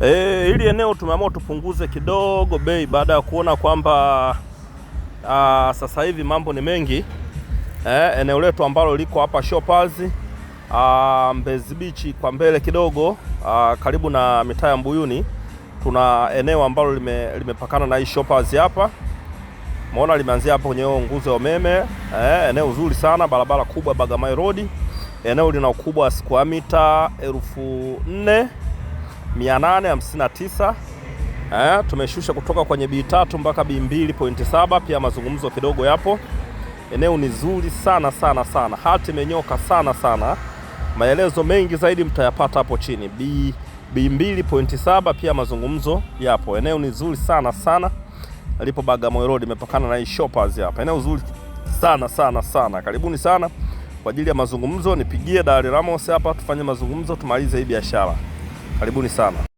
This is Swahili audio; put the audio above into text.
E, eh, hili eneo tumeamua tupunguze kidogo bei baada ya kuona kwamba ah, sasa hivi mambo ni mengi e, eneo letu ambalo liko hapa Shoppers ah, Mbezi Beach kwa mbele kidogo a, ah, karibu na mitaa ya Mbuyuni tuna eneo ambalo lime, limepakana na hii Shoppers hapa maona limeanzia hapo kwenye nguzo ya umeme e, eneo zuri sana, barabara kubwa Bagamoyo Road. Eneo lina ukubwa wa mita elfu nne 859 eh, tumeshusha kutoka kwenye B3 mpaka B2.7. Pia mazungumzo kidogo yapo. Eneo ni zuri sana sana sana, hati imenyoka sana sana. Maelezo mengi zaidi mtayapata hapo chini. B B2.7 pia mazungumzo yapo. Eneo ni zuri sana sana, lipo Bagamoyo Road, imepakana na hii shoppers hapa. Eneo zuri sana sana sana, karibuni sana kwa ajili ya mazungumzo. Nipigie Dali Ramos hapa tufanye mazungumzo, tumalize hii biashara. Karibuni sana.